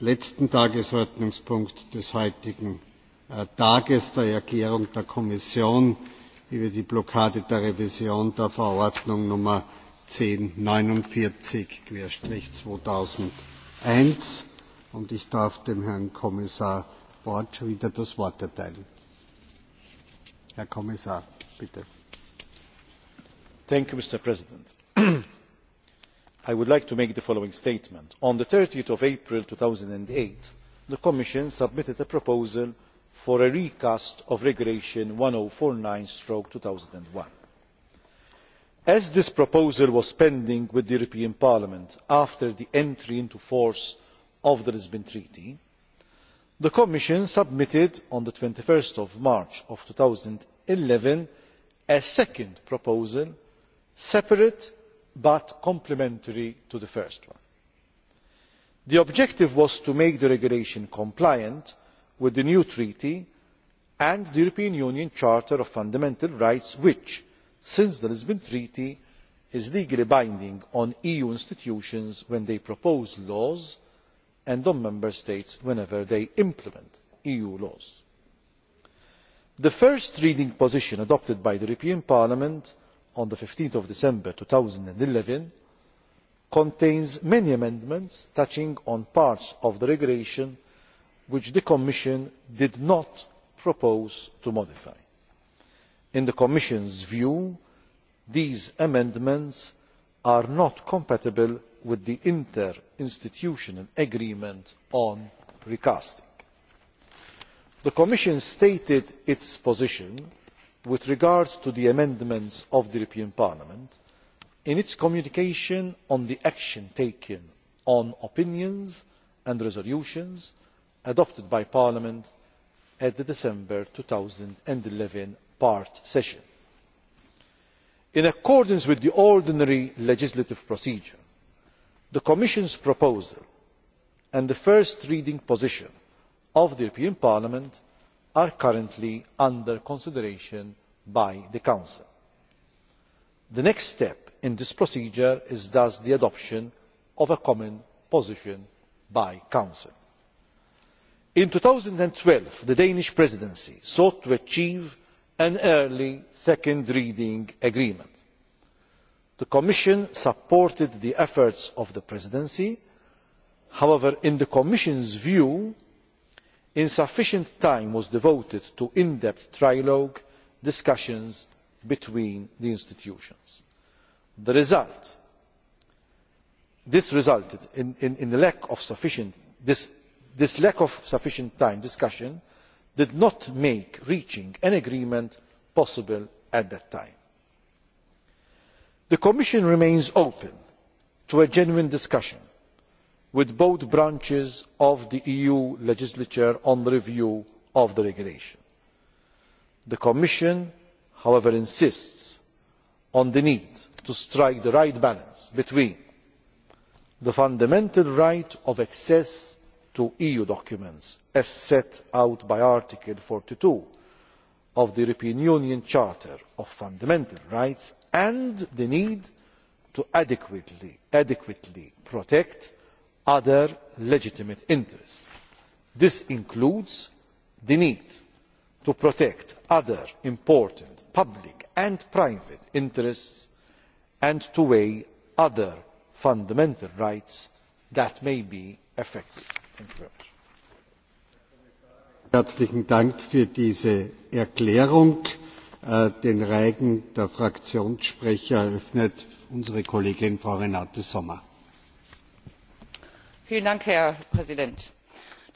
letzten tagesordnungspunkt des heutigen äh, tages der erklärung der kommission über die blockade der revision der verordnung nummer eintausendzehnhundertneunundvierzig zweitausendeins und ich darf dem herrn kommissar borg wieder das wort erteilen. herr kommissar bitte! i would like to make the following statement on thirty april two thousand and eight the commission submitted a proposal for a recast of regulation no one thousand oh and forty nine two thousand and one as this proposal was pending with the european parliament after the entry into force of the lisbon treaty the commission submitted on twenty one march two thousand and eleven a second proposal separate but complementary to the first one. the objective was to make the regulation compliant with the new treaty and the european union charter of fundamental rights which since the lisbon treaty is legally binding on eu institutions when they propose laws and on member states whenever they implement eu laws. the first reading position adopted by the european parliament on fifteen december two thousand and eleven contains many amendments touching on parts of the regulation which the commission did not propose to modify. in the commission's view these amendments are not compatible with the interinstitutional agreement on recasting. the commission stated its position with regard to the amendments of the european parliament in its communication on the action taken on opinions and resolutions adopted by parliament at the december two thousand and eleven part session. in accordance with the ordinary legislative procedure the commission's proposal and the first reading position of the european parliament are currently under consideration by the council. the next step in this procedure is thus the adoption of a common position by the council. in two thousand and twelve the danish presidency sought to achieve an early second reading agreement. the commission supported the efforts of the presidency. however in the commission's view insufficient time was devoted to in depth trilogue discussions between the institutions. this resulted in this lack of sufficient time discussion did not make reaching an agreement possible at that time. the commission remains open to a genuine discussion with both branches of the eu legislature on the review of the regulation. the commission however insists on the need to strike the right balance between the fundamental right of access to eu documents as set out by article forty two of the european union charter of fundamental rights and the need to adequately protect other legitimate interests. this includes the need to protect other important public and private interests and to weigh other fundamental rights that may be affected. herzlichen dank für diese erklärung. Äh, den reigen der fraktionssprecher eröffnet unsere kollegin frau renate sommer herr präsident!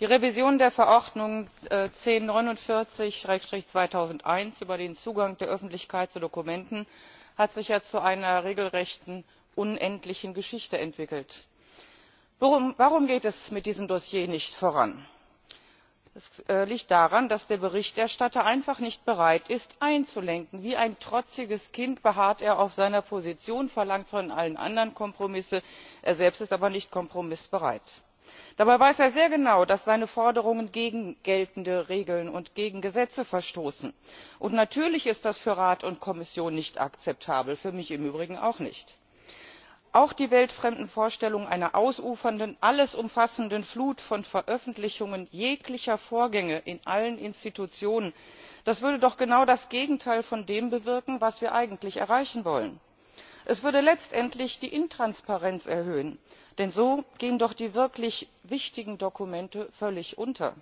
die revision der verordnung äh, eintausendneunhundertneunundvierzig zweitausendeins über den zugang der öffentlichkeit zu dokumenten hat sich ja zu einer regelrechten unendlichen geschichte entwickelt. warum geht es mit diesem dossier nicht voran? Es äh, liegt daran dass der berichterstatter einfach nicht bereit ist einzulenken. wie ein trotziges kind beharrt er auf seiner position verlangt von allen anderen kompromisse er selbst ist aber nicht kompromissbereit. dabei weiß er sehr genau dass seine forderungen gegen geltende regeln und gegen gesetze verstoßen. und natürlich ist das für rat und kommission nicht akzeptabel für mich im übrigen auch nicht auch die weltfremden vorstellungen einer ausufernden alles umfassenden flut von veröffentlichungen jeglicher vorgänge in allen institutionen das würde doch genau das gegenteil von dem bewirken was wir eigentlich erreichen wollen. es würde letztendlich die intransparenz erhöhen denn so gehen doch die wirklich wichtigen dokumente völlig unter.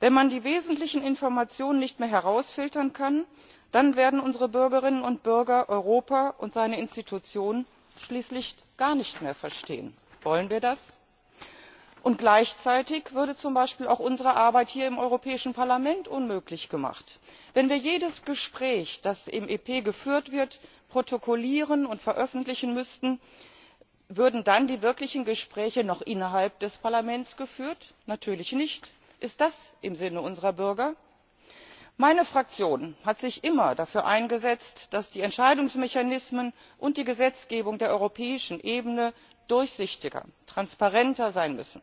wenn man die wesentlichen informationen nicht mehr herausfiltern kann dann werden unsere bürgerinnen und bürger europa und seine institutionen schließlich gar nicht mehr verstehen. wollen wir das? und gleichzeitig würde zum beispiel auch unsere arbeit hier im europäischen parlament unmöglich gemacht wenn wir jedes gespräch das im ep geführt wird protokollieren und veröffentlichen müssten. würden dann die wirklichen gespräche noch innerhalb des parlaments geführt? natürlich nicht! ist das im sinne unserer bürger? meine fraktion hat sich immer dafür eingesetzt dass die entscheidungsmechanismen und die gesetzgebung der europäischen ebene durchsichtiger transparenter sein müssen.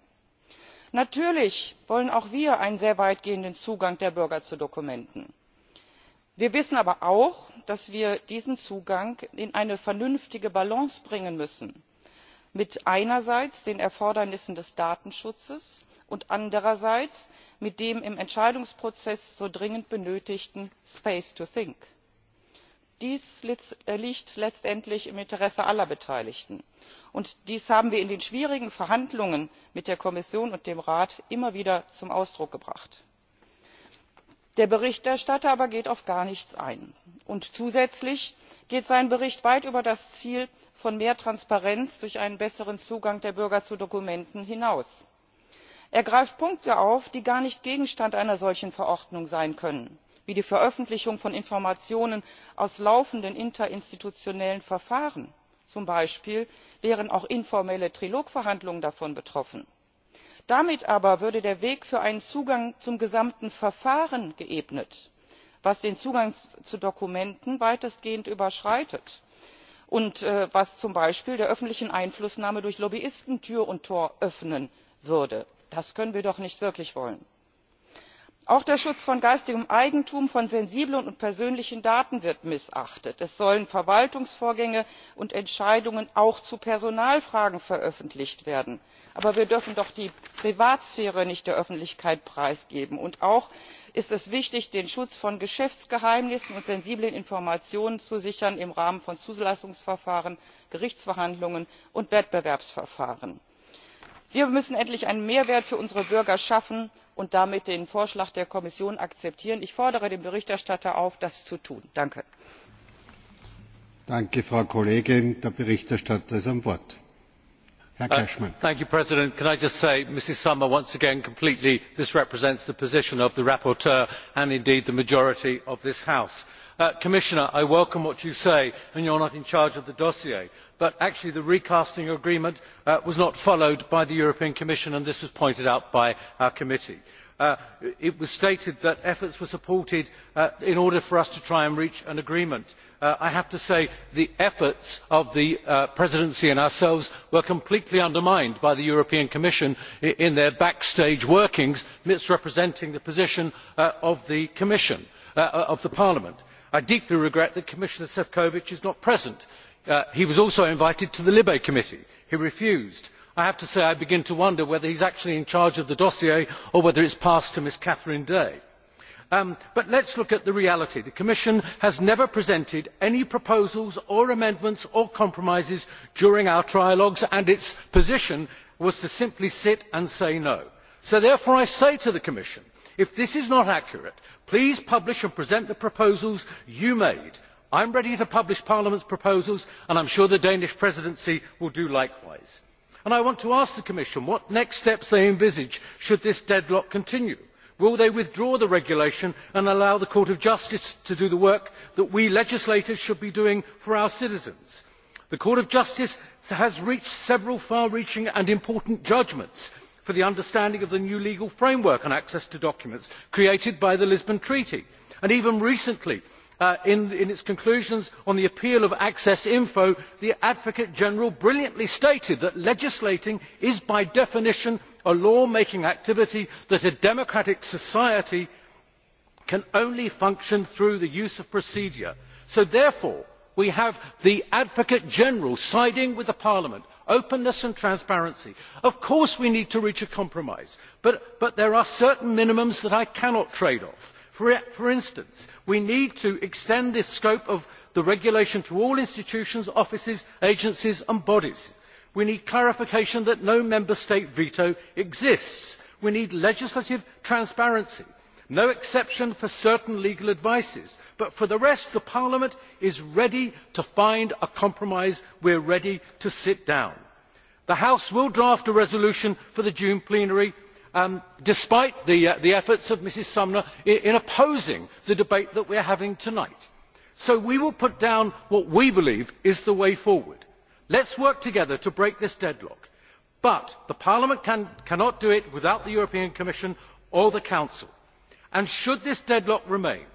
natürlich wollen auch wir einen sehr weitgehenden zugang der bürger zu dokumenten. wir wissen aber auch dass wir diesen zugang in eine vernünftige balance bringen müssen mit einerseits den erfordernissen des datenschutzes und andererseits mit dem im entscheidungsprozess so dringend benötigten space to think. dies äh, liegt letztendlich im interesse aller beteiligten und dies haben wir in den schwierigen verhandlungen mit der kommission und dem rat immer wieder zum ausdruck gebracht. der berichterstatter aber geht auf gar nichts ein und zusätzlich geht sein bericht weit über das ziel von mehr transparenz durch einen besseren zugang der bürger zu dokumenten hinaus er greift punkte auf die gar nicht gegenstand einer solchen verordnung sein können wie die veröffentlichung von informationen aus laufenden interinstitutionellen verfahren zum beispiel wären auch informelle trilogverhandlungen davon betroffen. damit aber würde der weg für einen zugang zum gesamten verfahren geebnet was den zugang zu dokumenten weitestgehend überschreitet und äh, was zum beispiel der öffentlichen einflussnahme durch lobbyisten tür und tor öffnen würde das können wir doch nicht wirklich wollen. auch der schutz von geistigem eigentum von sensiblen und persönlichen daten wird missachtet. es sollen verwaltungsvorgänge und entscheidungen auch zu personalfragen veröffentlicht werden aber wir dürfen doch die privatsphäre nicht der öffentlichkeit preisgeben. und auch ist es wichtig den schutz von geschäftsgeheimnissen und sensiblen informationen zu sichern im rahmen von zulassungsverfahren gerichtsverhandlungen und wettbewerbsverfahren wir müssen endlich einen mehrwert für unsere bürger schaffen und damit den vorschlag der kommission akzeptieren. ich fordere den berichterstatter auf das zu tun. danke! mr uh, president can i just say ms sommer once again completely misrepresents the position of the rapporteur and indeed the majority of this house. Uh, commissioner i welcome what you say and you are not in charge of the dossier but actually the recasting agreement uh, was not followed by the european commission and this was pointed out by our committee. Uh, it was stated that efforts were supported in order for us to try and reach an agreement. i have to say the efforts of the presidency and ourselves were completely undermined by the european commission in their backstage workings misrepresenting the position of the commission of parliament i deeply regret that commissioner efovi is not present. Uh, he was also invited to the libe committee. he refused. i have to say i begin to wonder whether he is actually in charge of the dossier or whether it is passed to ms catherine day. Um, but let us look at the reality. the commission has never presented any proposals or amendments or compromises during our trialogues and its position was to simply sit and say no. so therefore i say to the commission if this is not accurate please publish and present the proposals you made. i am ready to publish parliament's proposals and i am sure the danish presidency will do likewise. i want to ask the commission what next steps they envisage should this deadlock continue. will they withdraw the regulation and allow the court of justice to do the work that we legislators should be doing for our citizens? the court of justice has reached several far reaching and important judgments for the understanding of the new legal framework on access to documents created by the lisbon treaty and even recently uh, in its conclusions on the appeal of access info the advocate general brilliantly stated that legislating is by definition a law making activity that a democratic society can only function through the use of procedure. so therefore we have the advocate general siding with parliament openness and transparency. of course we need to reach a compromise but there are certain minimums that i cannot trade off. for instance we need to extend the scope of the regulation to all institutions offices agencies and bodies. we need clarification that no member state veto exists. we need legislative transparency no exception for certain legal advices, but for the rest parliament is ready to find a compromise we are ready to sit down. the house will draft a resolution for the june plenary um, despite uh, the efforts of ms Sumner in opposing the debate that we are having tonight so we will put down what we believe is the way forward. let us work together to break this deadlock but parliament cannot do it without the European commission or the council and should this deadlock remain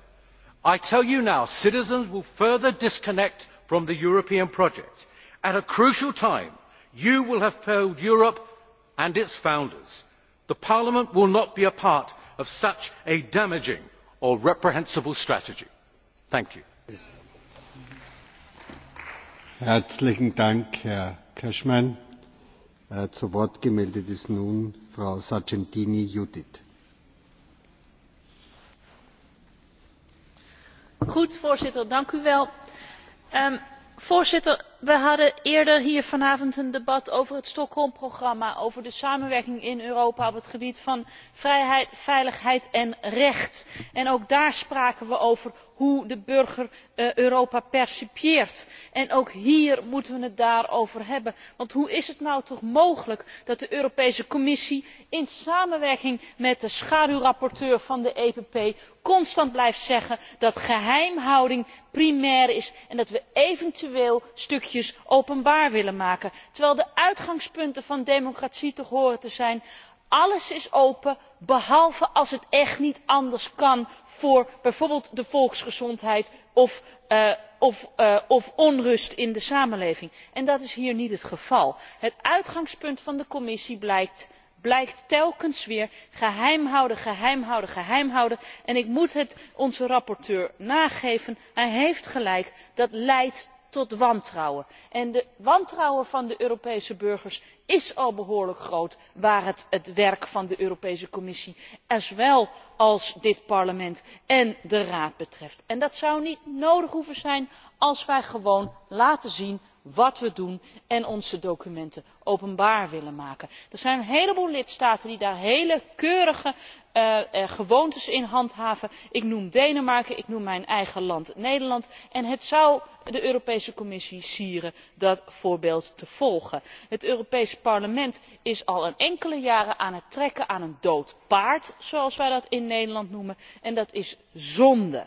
i tell you now citizens will further disconnect from the european project. at a crucial time you will have failed europe and its founders. parliament will not be a part of such a damaging or reprehensible strategy. thank you. herzlichen dank herr äh, zu wort gemeldet ist nun frau sargentini judith. voorzitter ehm, we hadden eerder hier vanavond een debat over het stockholm programma over de samenwerking in europa op het gebied van vrijheid veiligheid en recht en ook daar spraken we over hoe de burger eh, europa percipieert. ook hier moeten we het daarover hebben want hoe is het nou toch mogelijk dat de europese commissie in samenwerking met de schaduwrapporteur van de epp constant blijft zeggen dat geheimhouding primair is en dat we eventueel trucjes openbaar willen maken terwijl de uitgangspunten van democratie toch horen te zijn alles is open behalve als het echt niet anders kan voor bijvoorbeeld de volksgezondheid of eh, eh, onrust in de samenleving en dat is hier niet het geval. het uitgangspunt van de commissie blijkt telkens weer geheim houden geheim houden geheim houden en ik moet het onze rapporteur nageven hij heeft gelijk dat leidt tot wantrouwen en het wantrouwen van de europese burgers is al behoorlijk groot waar het het werk van de europese commissie zowel als dit parlement en de raad betreft. dat zou niet nodig hoeven zijn als wij gewoon laten zien wat we doen en onze documenten openbaar willen maken. er zijn een heleboel lidstaten die daar hele keurige eh, eh, gewoontes in handhaven ik noem denemarken ik noem mijn eigen land nederland en het zou de europese commissie sieren dat voorbeeld te volgen. het europees parlement is al een enkele jaren aan het trekken aan een dood paard zoals wij dat in nederland noemen en dat is zonde.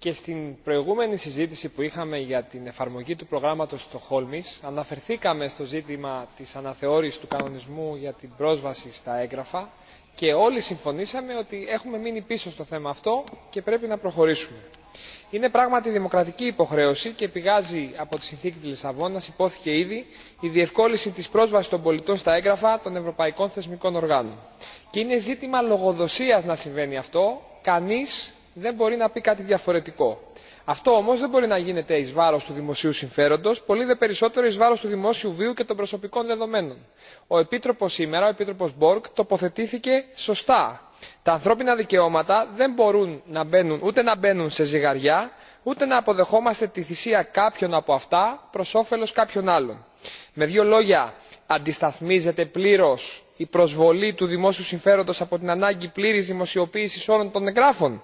και στην προηγούμενη συζήτηση που είχαμε για την εφαρμογή του προγράμματος στοκχόλμης αναφερθήκαμε στο ζήτημα της αναθεώρησης του κανονισμού για την πρόσβαση στα έγγραφα και όλοι συμφωνήσαμε ότι έχουμε μείνει πίσω στο θέμα αυτό και πρέπει να προχωρήσουμε. Είναι πράγματι δημοκρατική υποχρέωση και πηγάζει από τη συνθήκη της Λισαβόνας, υπόθηκε ήδη, η διευκόλυνση της πρόσβασης των πολιτών στα έγγραφα των ευρωπαϊκών θεσμικών οργάνων. Και είναι ζήτημα λογοδοσίας να συμβαίνει αυτό, κανείς δεν μπορεί να πει κάτι διαφορετικό. Αυτό όμω δεν μπορεί να γίνεται ει βάρο του δημοσίου συμφέροντο, πολύ δε περισσότερο ει βάρο του δημόσιου βίου και των προσωπικών δεδομένων. Ο Επίτροπο σήμερα, ο Επίτροπο Μπόρκ, τοποθετήθηκε σωστά. Τα ανθρώπινα δικαιώματα δεν μπορούν να μπαίνουν, ούτε να μπαίνουν σε ζυγαριά, ούτε να αποδεχόμαστε τη θυσία κάποιων από αυτά προ όφελο κάποιων άλλων. Με δύο λόγια, αντισταθμίζεται πλήρω η προσβολή του δημόσιου συμφέροντο από την ανάγκη πλήρη δημοσιοποίηση όλων των εγγράφων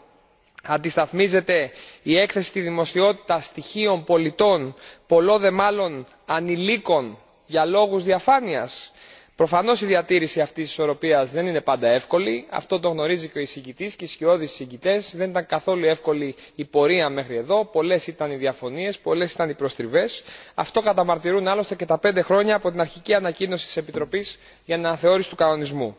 αντισταθμίζεται η έκθεση στη δημοσιότητα στοιχείων πολιτών πολλό δε μάλλον ανηλίκων για λόγους διαφάνειας. προφανώς η διατήρηση αυτής της ισορροπίας δεν είναι πάντα εύκολη αυτό το γνωρίζει και ο εισηγητής και οι σκιώδεις εισηγητές. δεν ήταν καθόλου εύκολη η πορεία μέχρι εδώ πολλές ήταν οι διαφωνίες πολλές ήταν οι προστριβές. αυτό καταμαρτυρούν άλλωστε και τα πέντε χρόνια από την αρχική ανακοίνωση της επιτροπής για την αναθεώρηση του κανονισμού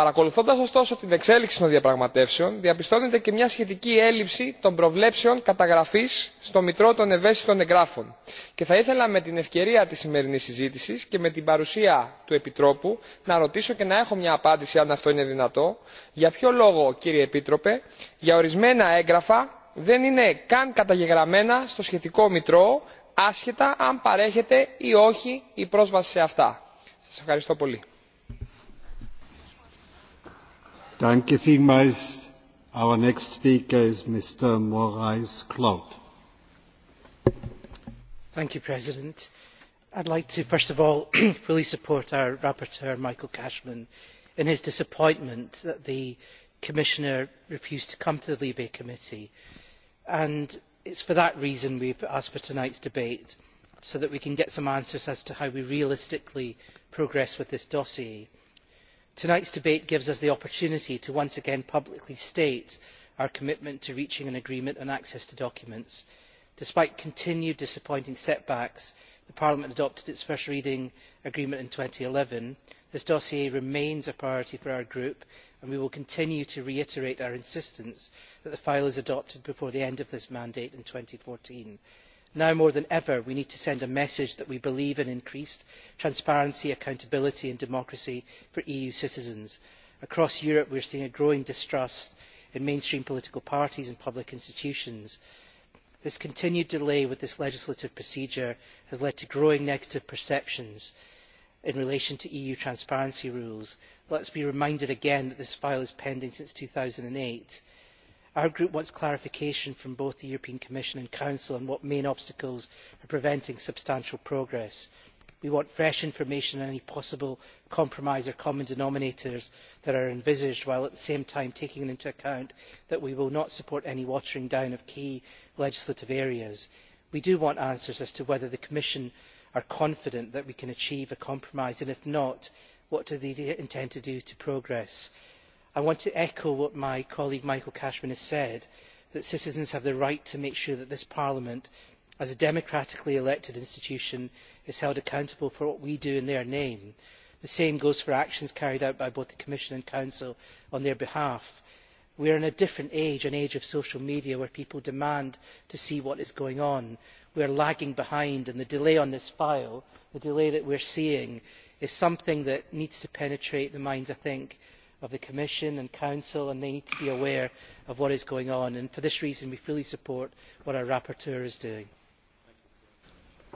παρακολουθώντας ωστόσο την εξέλιξη των διαπραγματεύσεων διαπιστώνεται και μια σχετική έλλειψη των προβλέψεων καταγραφής στο μητρό των ευαίσθητων εγγράφων και θα ήθελα με την ευκαιρία της σημερινής συζήτησης και με την παρουσία του επιτρόπου να ρωτήσω και να έχω μια απάντηση αν αυτό είναι δυνατό για ποιο λόγο κύριε επίτροπε για ορισμένα έγγραφα δεν είναι καν καταγεγραμμένα στο σχετικό μητρό άσχετα αν παρέχεται ή όχι η πρόσβαση σε αυτά. σας ευχαριστώ πολύ. Our next speaker is Mr. Moraes Claude. Thank you, President. I'd like to first of all fully support our rapporteur Michael Cashman in his disappointment that the Commissioner refused to come to the Libe Committee and it is for that reason we have asked for tonight's debate so that we can get some answers as to how we realistically progress with this dossier tonight's debate gives us the opportunity to once again publicly state our commitment to reaching an agreement on access to documents. despite continued disappointing setbacks parliament adopted its first reading agreement in two thousand and eleven this dossier remains a priority for our group and we will continue to reiterate our insistence that the file is adopted before the end of this mandate in two thousand and fourteen now more than ever we need to send a message that we believe in increased transparency accountability and democracy for eu citizens. across europe we are seeing a growing distrust in mainstream political parties and public institutions. this continued delay with this legislative procedure has led to growing negative perceptions in relation to eu transparency rules. let us be reminded again that this file has been pending since two thousand and eight our group wants clarification from both the European commission and council on what main obstacles are preventing substantial progress. we want fresh information on any possible compromise or common denominators that are envisaged while at the same time taking into account that we will not support any watering down of key legislative areas. we do want answers as to whether the commission is confident that we can achieve a compromise and if not what they intend to do to progress i want to echo what my colleague michael cashman has said that citizens have the right to make sure that this parliament as a democratically elected institution is held accountable for what we do in their name. the same goes for actions carried out by both the commission and council on their behalf. we are in a different age an age of social media where people demand to see what is going on. we are lagging behind and the delay on this file the delay that we are seeing is something that needs to penetrate the minds i think of the commission and council and they need to be aware of what is going on and for this reason we fully support what our rapporteur is doing.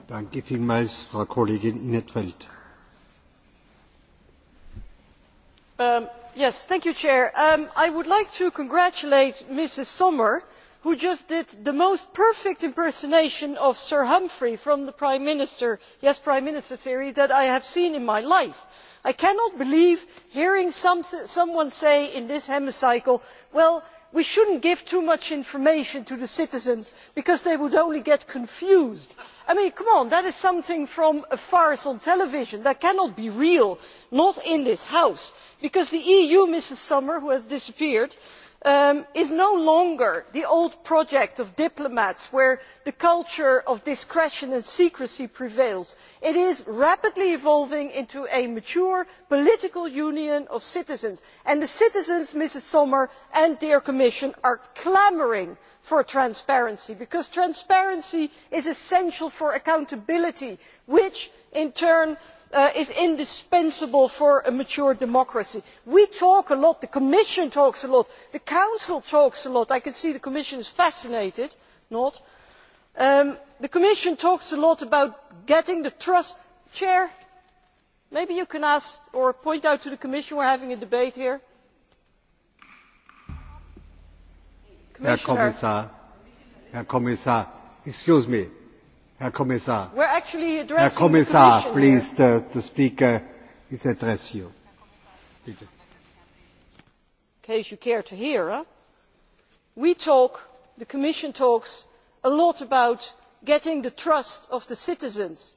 Um, um, i would like to congratulate ms sommer who just did the most perfect impersonation of sir humphrey from the prime minister yes prime minister series that i have seen in my life. i cannot believe hearing someone say in this Hemicycle well we should not give too much information to the citizens because they would only get confused'. I mean come on, that is something from a farce on television that cannot be real not in this house because the eu Mrs sommer who has disappeared Um, is no longer the old project of diplomats where the culture of discretion and secrecy prevails it is rapidly evolving into a mature political union of citizens and the citizens ms sommer and dear commission are clamouring for transparency because transparency is essential for accountability which in turn Uh, is indispensable for a mature democracy. we talk a lot the commission talks a lot the council talks a lot i can see the commission is fascinated not. Um, the commission talks a lot about getting the trust Chair, maybe you can ask or point out to the commission we are having a debate here. herr kommissar excuse me herr kommissar the, in case you care to hear we talk the commission talks a lot about getting the trust of the citizens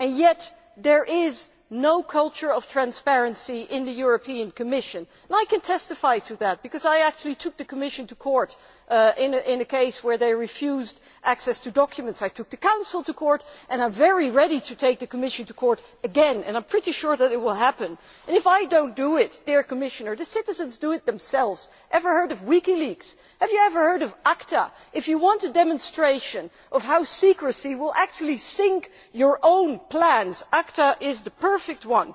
and yet there is no culture of transparency in the european commission and i can testify to that because i actually took the commission to court uh, in a case where they refused access to documents. i took the council to court and i am very ready to take the commission to court again and i am pretty sure that it will happen. if i do not do it dear commissioner the citizens do it themselves. ever heard of wikileaks? have you ever heard of acta? if you want a demonstration of how secrecy will actually sink your own plans acta is the perfect one.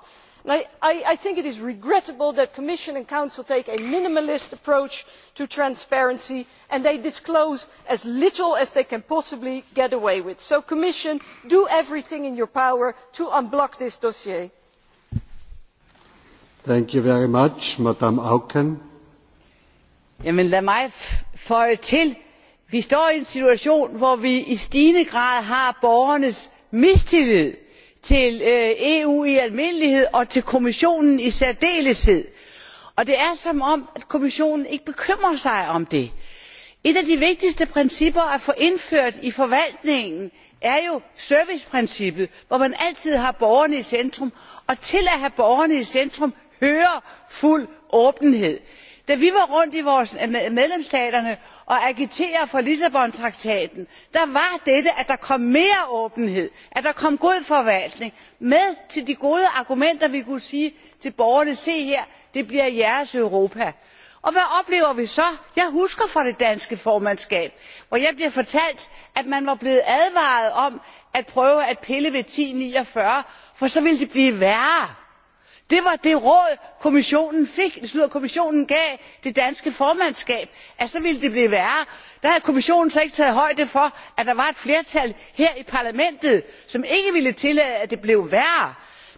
i think it is regrettable that the commission and council take a minimalist approach to transparency and they disclose as little as they can possibly get away with. so commission do everything in your power to unblock this dossier. lad mig føje til vi står i en situation hvor vi i stigende grad har borgernes mistillid til øh, eu i almindelighed og til kommissionen i særdeleshed og det er som om kommissionen ikke bekymrer sig om det. et af de vigtigste principper at få indført i forvaltningen er jo serviceprincippet hvor man altid har borgerne i centrum og til at have borgerne i centrum hører fuld åbenhed da vi var rundt i vores øh, medlemsstaterne og agiterede for lissabontraktaten var dette at der kom mere åbenhed at der kom god forvaltning med til de gode argumenter vi kunne sige til borgerne se her det bliver jeres europa. og hvad oplever vi så? jeg husker fra det danske formandskab hvor jeg bliver fortalt at man var blevet advaret om at prøve at pille ved ti ni og fyrre for så ville det blive værre det var det råd kommissionen fik, øh, kommissionen gav det danske formandskab at så ville det blive værre der havde kommissionen så ikke taget højde for at der var et flertal her i parlamentet som ikke ville tillade at det blev værre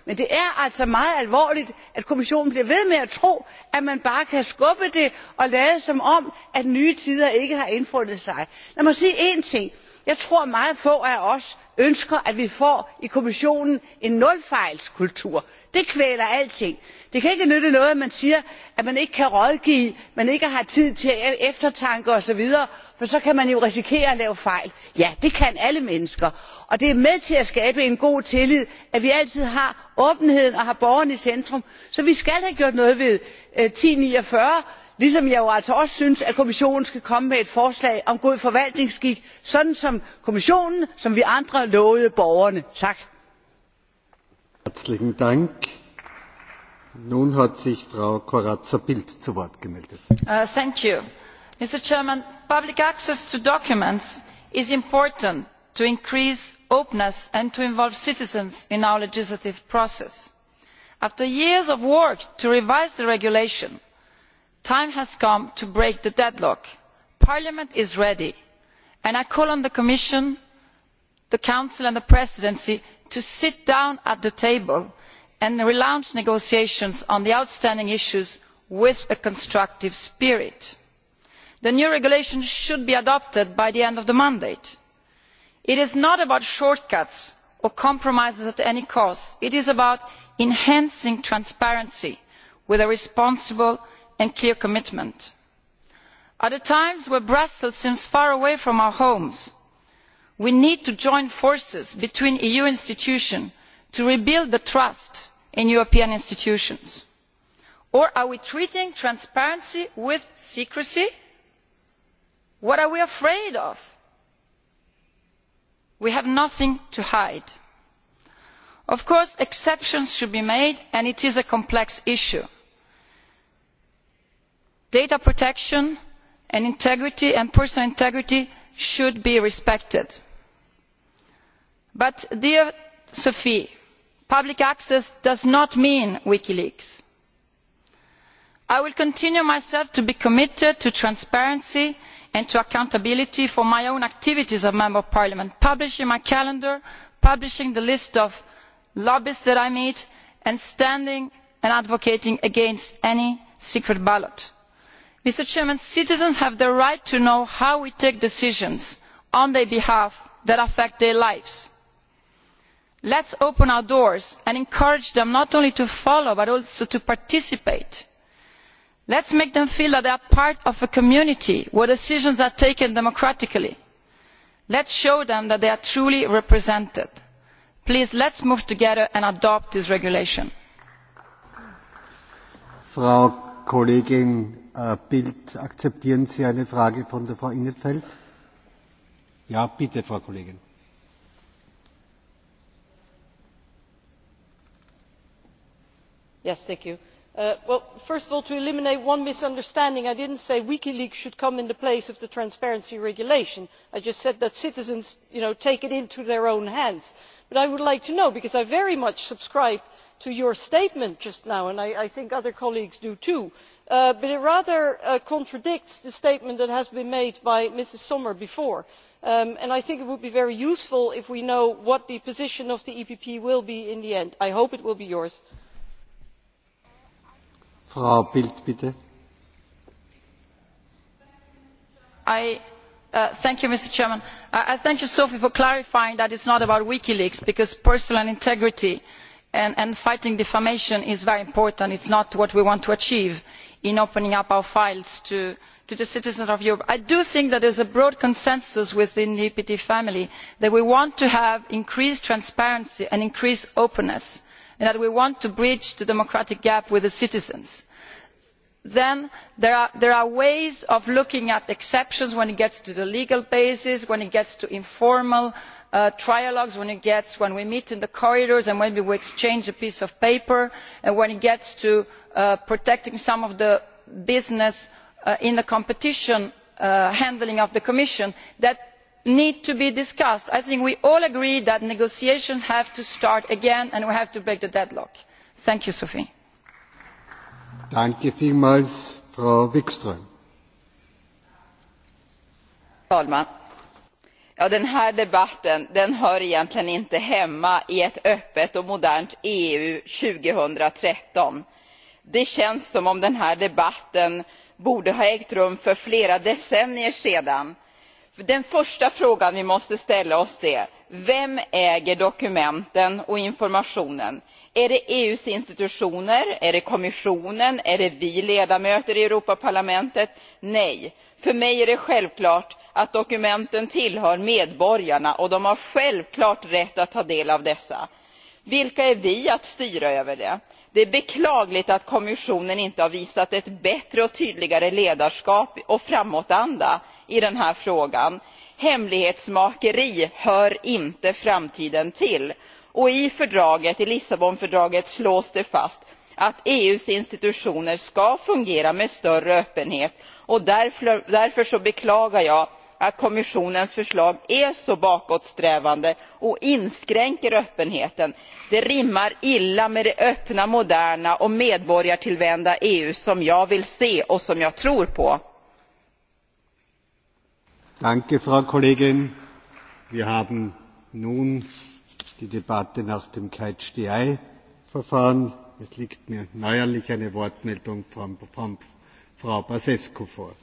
men det er altså meget alvorligt at kommissionen bliver ved med at tro at man bare kan skubbe det og lade som om at nye tider ikke har indfundet sig lad mig sige én ting jeg tror meget få af os ønsker at vi får i kommissionen en nulfejlskultur det kvæler alting det kan ikke nytte noget at man siger at man ikke kan rådgive at man ikke har tid til eftertanke og så videre for så kan man jo risikere at lave fejl ja det kan alle mennesker og det er med til at skabe en god tillid at vi altid har åbenheden og har borgeren i centrum så vi skal have gjort noget ved øh, ti ni og fyrre ligesom jeg jo altså også synes at kommissionen skal komme med et forslag om god forvaltningsskik sådan som kommissionen som vi andre lovede borgerne. mr uh, Chairman, public access to documents is important to increase openness and to involve citizens in our legislative process. after years of work to revise the regulation time has come to break the deadlock. parliament is ready and i call on the commission the council and the presidency to sit down at the table and relaunch negotiations on the outstanding issues with a constructive spirit. the new regulation should be adopted by the end of the mandate. it is not about shortcuts or compromises at any cost. it is about enhancing transparency with a responsible and clear commitment. at a time when brussels seems far away from our homes we need to join forces between eu institutions to rebuild trust in european institutions or are we treating transparency with secrecy? what are we afraid of? we have nothing to hide. of course exceptions should be made and it is a complex issue data protection and integrity and personal integrity should be respected. but dear sophie public access does not mean wikileaks. i will continue myself to be committed to transparency and to accountability for my own activities as a member of parliament publishing my calendar publishing the list of lobbyists that i meet and standing and advocating against any secret ballot mr president citizens have the right to know how we take decisions on their behalf that affect their lives. let us open our doors and encourage them not only to follow but also to participate. let us make them feel that they are part of a community where decisions are taken democratically. let us show them that they are truly represented. please let us move together and adopt this regulation. Äh, akzeptieren sie eine frage von frau in 't veld? ja bitte frau kollegin. Uh, first of all to eliminate one misunderstanding i did not say wikileaks should come in the place of the transparency regulation i just said that citizens take it into their own hands. but i would like to know because i very much subscribe to your statement just now and i think other colleagues do too uh, but it rather uh, contradicts the statement that has been made by mrs sommer before um, and i think it would be very useful if we know what the position of the epp will be in the end. i hope it will be yours. Frau bitte. I uh, thank you, mr president i thank you sophie for clarifying that it is not about wikileaks because personal integrity and, fighting defamation is very important. it is not what we want to achieve in opening up our files to, to the citizens of europe. i do think that there is a broad consensus within the ept family that we want to have increased transparency and increased openness and that we want to bridge the democratic gap with the citizens then there are, ways of looking at exceptions when it gets to the legal basis when it gets to informal uh, trialogues when, it gets, when we meet in the corridors and when we exchange a piece of paper and when it gets to uh, protecting some of the business uh, in the competition handling of the commission that need to be discussed. i think we all agree that negotiations have to start again and we have to break the deadlock. thank you sophie. Vielmals, frau ja, den här debatten den hör egentligen inte hemma i ett öppet och modernt eu. 2013. det känns som om den här debatten borde ha ägt rum för flera decennier sedan den första frågan vi måste ställa oss är vem äger dokumenten och informationen? är det eus institutioner är det kommissionen är det vi ledamöter i europaparlamentet? nej för mig är det självklart att dokumenten tillhör medborgarna och de har självklart rätt att ta del av dessa. vilka är vi att styra över det? det är beklagligt att kommissionen inte har visat ett bättre och tydligare ledarskap och framåtanda i den här frågan. hemlighetsmakeri hör inte framtiden till och i lissabonfördraget slås det fast att eus institutioner ska fungera med större öppenhet. därför beklagar jag att kommissionens förslag är så bakåtsträvande och inskränker öppenheten. det rimmar illa med det öppna moderna och medborgartillvända eu som jag vill se och som jag tror på danke frau kollegin. wir haben nun die debatte nach dem catch verfahren. es liegt mir neuerlich eine wortmeldung von frau bsescu vor.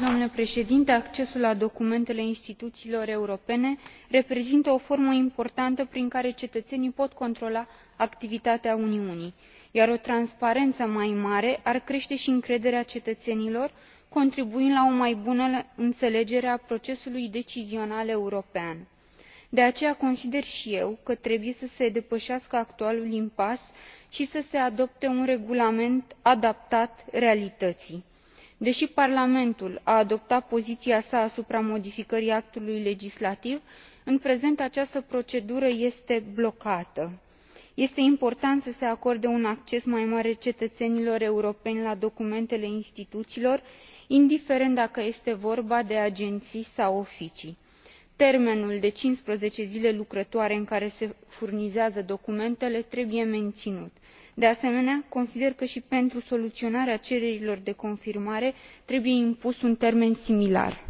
domnule președinte accesul la documentele instituțiilor europene reprezintă o formă importantă prin care cetățenii pot controla activitatea uniunii iar o transparență mai mare ar crește și încrederea cetățenilor contribuind la o mai bună înțelegere a procesului decizional european. de aceea consider și eu că trebuie să se depășească actualul impas și să se adopte un regulament adaptat realității. deși parlamentul a adoptat poziția sa asupra modificării actului legislativ în prezent această procedură este blocată este important să se acorde un acces mai mare cetățenilor europeni la documentele instituțiilor indiferent dacă este vorba de agenții sau oficii. termenul de cincisprezece zile lucrătoare în care se furnizează documentele trebuie menținut. de asemenea consider că și pentru soluționarea cererilor de confirmare trebuie impus un termen similar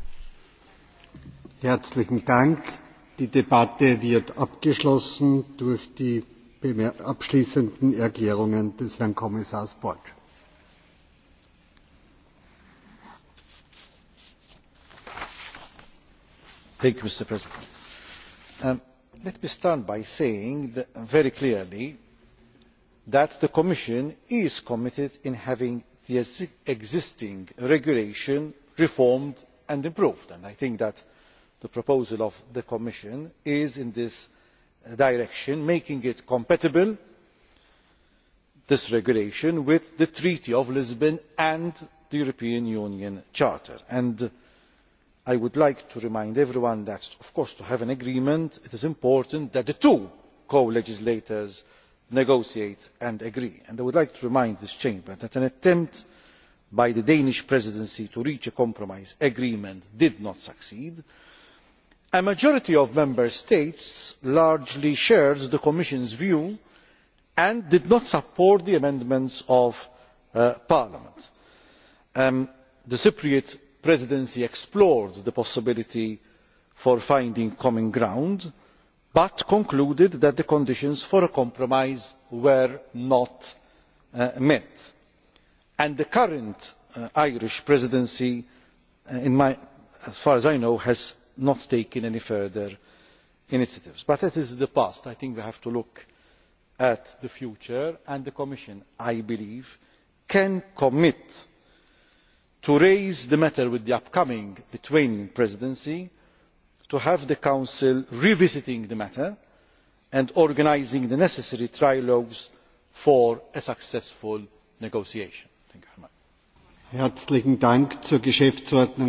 abschließenden erklärungen des herrn kommissars borg. mr president um, let me start by saying very clearly that the commission is committed in having the existing regulation reformed and improved and i think that the proposal of the commission is in this direction making it compatible this regulation with the treaty of lisbon and the european union charter. i would like to remind everyone that of course to have an agreement it is important that the two co legislators negotiate and agree. i would like to remind this chamber that an attempt by the danish presidency to reach a compromise agreement did not succeed a majority of member states largely shared the commission's view and did not support the amendments of uh, parliament. Um, the cypriot presidency explored the possibility of finding common ground but concluded that the conditions for a compromise were not uh, met and the current uh, irish presidency as far as i know has not taken any further initiatives. but that is the past. i think we have to look at the future and the commission i believe can commit to raising the matter with the upcoming lithuanian presidency to have the council revisiting the matter and organising the necessary trialogues for a successful negotiation. thank you very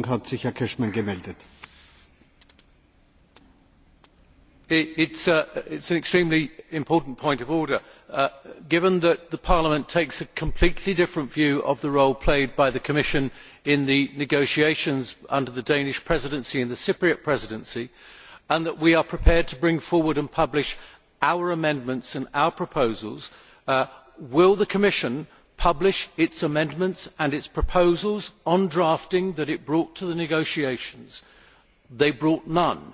much. it is uh, an extremely important point of order. Uh, given that parliament takes a completely different view of the role played by the commission in the negotiations under the danish presidency and the cypriot presidency and that we are prepared to bring forward and publish our amendments and our proposals uh, will the commission publish its amendments and its proposals on drafting that it brought to the negotiations? they brought none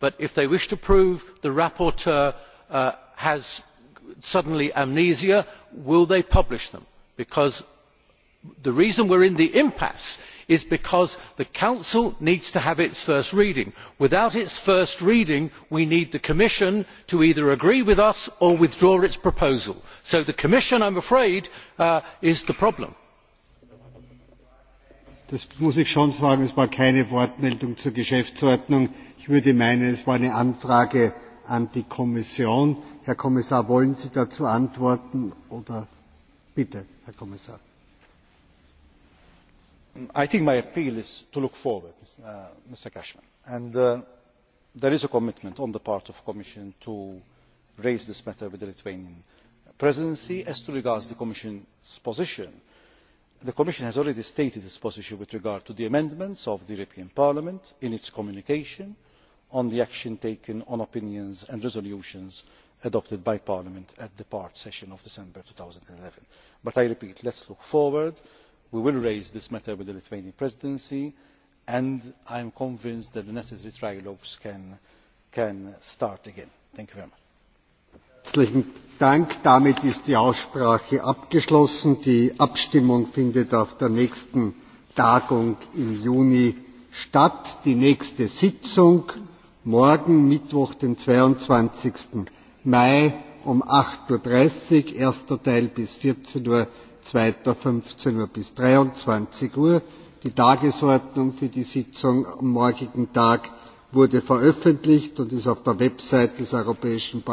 but if they wish to prove the rapporteur uh, has suddenly amnesia will they publish them? the reason we are in the impasse is because the council needs to have its first reading. without its first reading we need the commission to either agree with us or withdraw its proposal so the commission i am afraid uh, is the problem das muss ich schon sagen es war keine wortmeldung zur geschäftsordnung. ich würde meinen es war eine anfrage an die kommission. herr kommissar wollen sie dazu antworten? bitte herr kommissar. i think my appeal is to look forward uh, mr cashman and uh, there is a commitment on the part of the commission to raise this matter with the lithuanian presidency. as regards the commission's position the commission has already stated its position with regard to the amendments of the european parliament in its communication on the action taken on opinions and resolutions adopted by parliament at the part session of december. two thousand and eleven but i repeat let us look forward. we will raise this matter with the lithuanian presidency and i am convinced that the necessary trialogues can start again. thank you very much herzlichen dank! damit ist die aussprache abgeschlossen. die abstimmung findet auf der nächsten tagung im juni statt. die nächste sitzung morgen mittwoch den. zweiundzwanzig mai um. acht dreißig uhr erster teil bis. vierzehn uhr zweiter fünfzehn uhr bis. dreiundzwanzig uhr die tagesordnung für die sitzung am morgigen tag wurde veröffentlicht und ist auf der website des europäischen